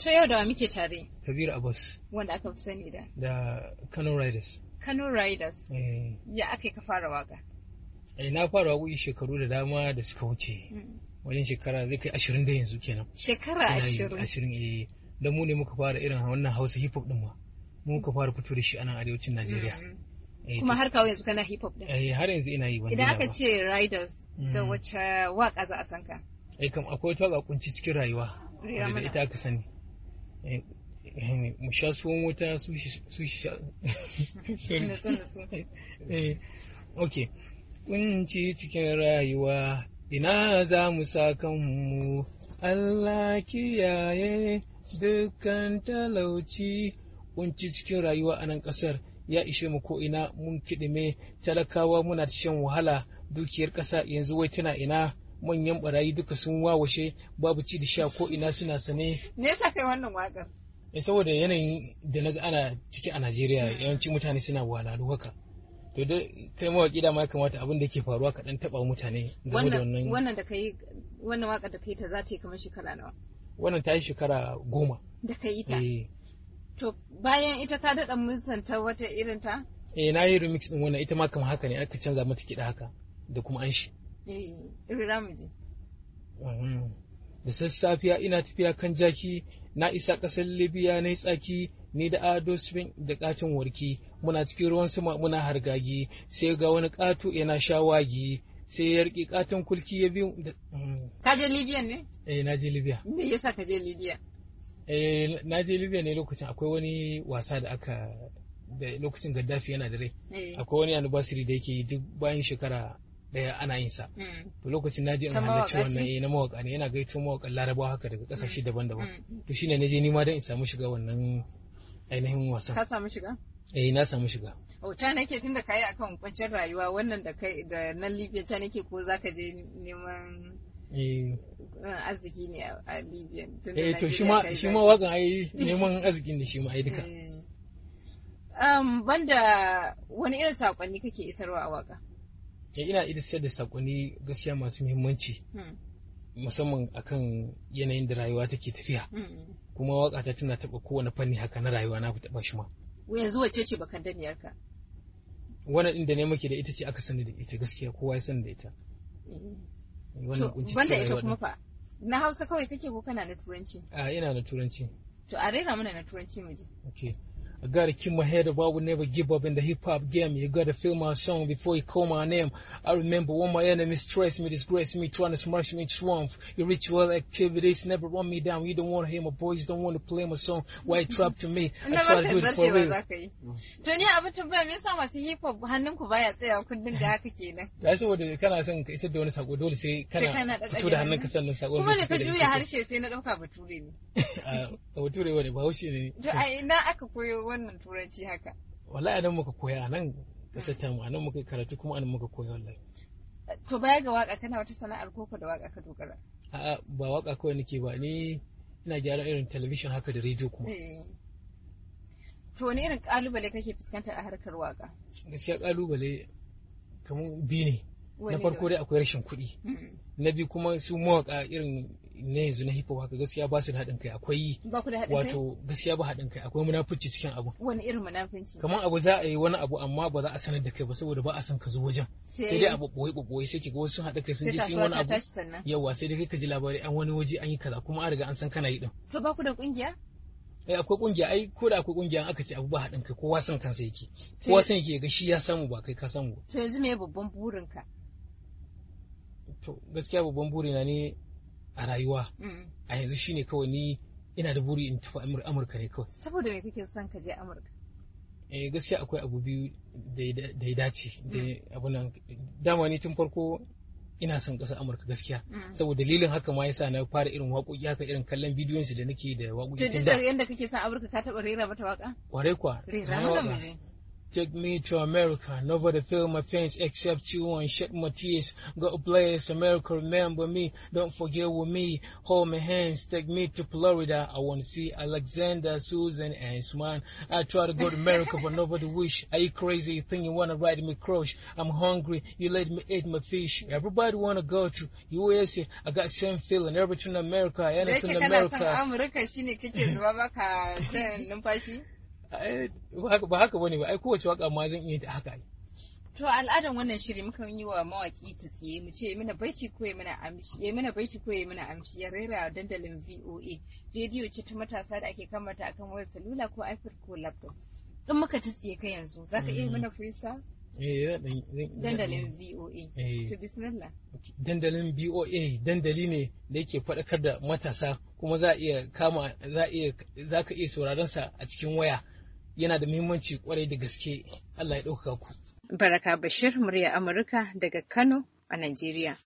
To yau da wa muke tare? Kabir Abbas. Wanda aka fi sani da? Da Kano Riders. Kano Riders. Eh. Ya aka ka fara waka? Eh na fara waƙoƙi shekaru da dama da suka wuce. Hmm. Wajen shekara zai kai ashirin da yanzu kenan. Shekara ashirin. Ashirin eh. Don mu ne muka fara irin wannan Hausa hip hop din ma. Mu muka fara fito da shi a nan arewacin Najeriya. Hmm. Eh, kuma har kawai yanzu kana hip hop din. Eh har yanzu ina yi wani. Idan aka ce Riders da hmm. wacce waka za a san ka? Eh kam akwai wata waka kunci cikin rayuwa. da ita aka sani. mu sha suwan wuta su sha eh, ok kunci cikin rayuwa ina za mu sa kanmu Allah kiyaye dukkan talauci kunci cikin rayuwa a nan ƙasar ya ishe mu ko ina mun kiɗime talakawa muna shan wahala dukiyar ƙasa yanzu wai tana ina manyan barayi duka sun wawashe babu ci da sha ko ina suna sane me yasa kai wannan wakar eh saboda yanayin da naga ana ciki a Najeriya hmm. yawanci mutane suna walalu haka to dai kai mawaki da ma kamata abin da yake faruwa ka dan taba mutane game da wannan wannan da kai wannan waka da kai ta za ta yi kamar shekara nawa wannan ta yi shekara goma da ka yi ta eh. to bayan ita ka daɗa ta wata irin ta eh na yi remix din wannan ita ma kamar haka ne aka canza mata kiɗa haka da kuma an shi Eh, eh, da sassafiya ina tafiya kan jaki na isa ƙasar libya na tsaki ni da ado spin da katin warki muna cikin ruwan sama muna hargagi sai ga wani ƙato yana shawagi sai ya rike katin kulki ya bi mm. ka je libya ne eh na je libya me yasa ka je libya eh na je libya ne lokacin akwai wani wasa da aka da lokacin gaddafi yana da rai eh. akwai wani anniversary da yake duk bayan shekara daya eh, ana yin sa mm. to lokacin naje in halarci wannan eh na mawaka ne yana gaito mawaka larabawa haka daga kasashe mm. daban-daban mm. to shine naje ni ma dan in samu shiga wannan ainihin wasan ka samu shiga eh na samu shiga oh ta nake tunda kai akan kwancin rayuwa wannan da kai da nan Libya ta nake ko zaka je neman eh. Eh, arziki ne a Libya eh to shi ma shi ma wakan ai neman arziki ne shi ma ai duka um banda wani irin sakonni kake isarwa a waka ya ina idisar da sakonni gaskiya masu muhimmanci hmm. musamman akan yanayin da rayuwa take tafiya hmm. kuma waka ta tana taba kowane fanni haka na rayuwa na ku taba shi ma yanzu wacce ce bakan damiyar ka wannan din da ne muke da ita ce aka sani da ita gaskiya kowa ya sani da ita hmm. wannan kunci banda ita kuma fa na Hausa kawai kake ko kana na turanci a ina na turanci to a rera mana na turanci mu je okay I gotta keep my head up. I would never give up in the hip hop game. You gotta feel my song before you call my name. I remember when my enemies stressed me, disgraced me, trying to smash me in swamp. Your ritual activities never run me down. You don't wanna hear my voice, don't wanna play my song. Why trap to me? I try to do it for real. That's what kana son ka isar da wani sako dole sai kana fito da hannunka sannan sako. Kuma da ka juya harshe sai na dauka bature ne. A bature wani ba haushi ne. To I ina aka koyo wannan turanci haka wallahi nan muka koya nan kasar tamu nan muka karatu kuma nan muka koya wallahi to baya ga waka kana wata sana'ar koko da waka ka dogara a'a ba waka kawai nake ba ni ina gyaran irin talabishin haka da rediyo kuma eh. to wani irin kalubale kake fuskanta a harkar waka gaskiya kalubale kamar biyu ne na farko dai akwai rashin kuɗi mm-hmm. na biyu kuma su mawaka irin na yanzu na hip hop haka gaskiya ba su da haɗin kai akwai wato gaskiya ba haɗin kai akwai munafunci cikin abu wani irin munafunci kamar abu za a yi wani abu amma ba za a sanar da kai ba saboda ba a san ka zo wajen sai dai abu boye boye sai kiga wasu haɗa kai sun je sun wani abu yawa sai dai kai ka ji labari an wani waje an yi kaza kuma an riga an san kana yi din to ba ku da kungiya ai eh, akwai kungiya ai ko da akwai kungiya aka ce abu ba haɗin kai kowa san kansa yake kowa san yake ga shi ya samu ba kai ka samu to yanzu me babban burin ka to gaskiya babban burina ne a rayuwa mm. a yanzu shine kawai ni ina da buri in tafi amurka ne kawai saboda me kake son ka je amurka eh gaskiya akwai abu biyu da ya dace da mm. abunan dama ni tun farko ina son ƙasar amurka gaskiya mm. saboda dalilin haka ma yasa na fara irin waƙoƙi haka irin kallon bidiyon su da nake da waƙoƙi tun da yanda kake son amurka ka taɓa rera mata waƙa kwarai kuwa rera mata Take me to America. Nobody feel my pains except you and shed my tears. God bless America. Remember me. Don't forget with me. Hold my hands. Take me to Florida. I want to see Alexander, Susan, and his man. I try to go to America, but nobody wish. Are you crazy? You think you want to ride me crush? I'm hungry. You let me eat my fish. Everybody want to go to USA. I got same feeling. Everything America. Anything America. ba haka bane ba ai kowace waka ma zan iya ta haka to al'adan wannan shiri muka yi wa mawaki ta tsiye mu ce mana baiti ko ya mana amshi ya mana baiti ko ya mana amshi ya rera dandalin VOA rediyo ce ta matasa da ake kamata akan wayar salula ko iPad ko laptop in muka ta tsiye ka yanzu zaka iya mana mm. freestyle eh, dandalin VOA. Eh. To bismillah. Dandalin VOA dandali ne da yake faɗakar da matasa kuma za a iya kama za iya za ka iya sauraron sa a cikin waya yana da muhimmanci kwarai da gaske Allah ya ɗaukaka ku. Baraka Bashir, murya Amurka daga Kano a Najeriya.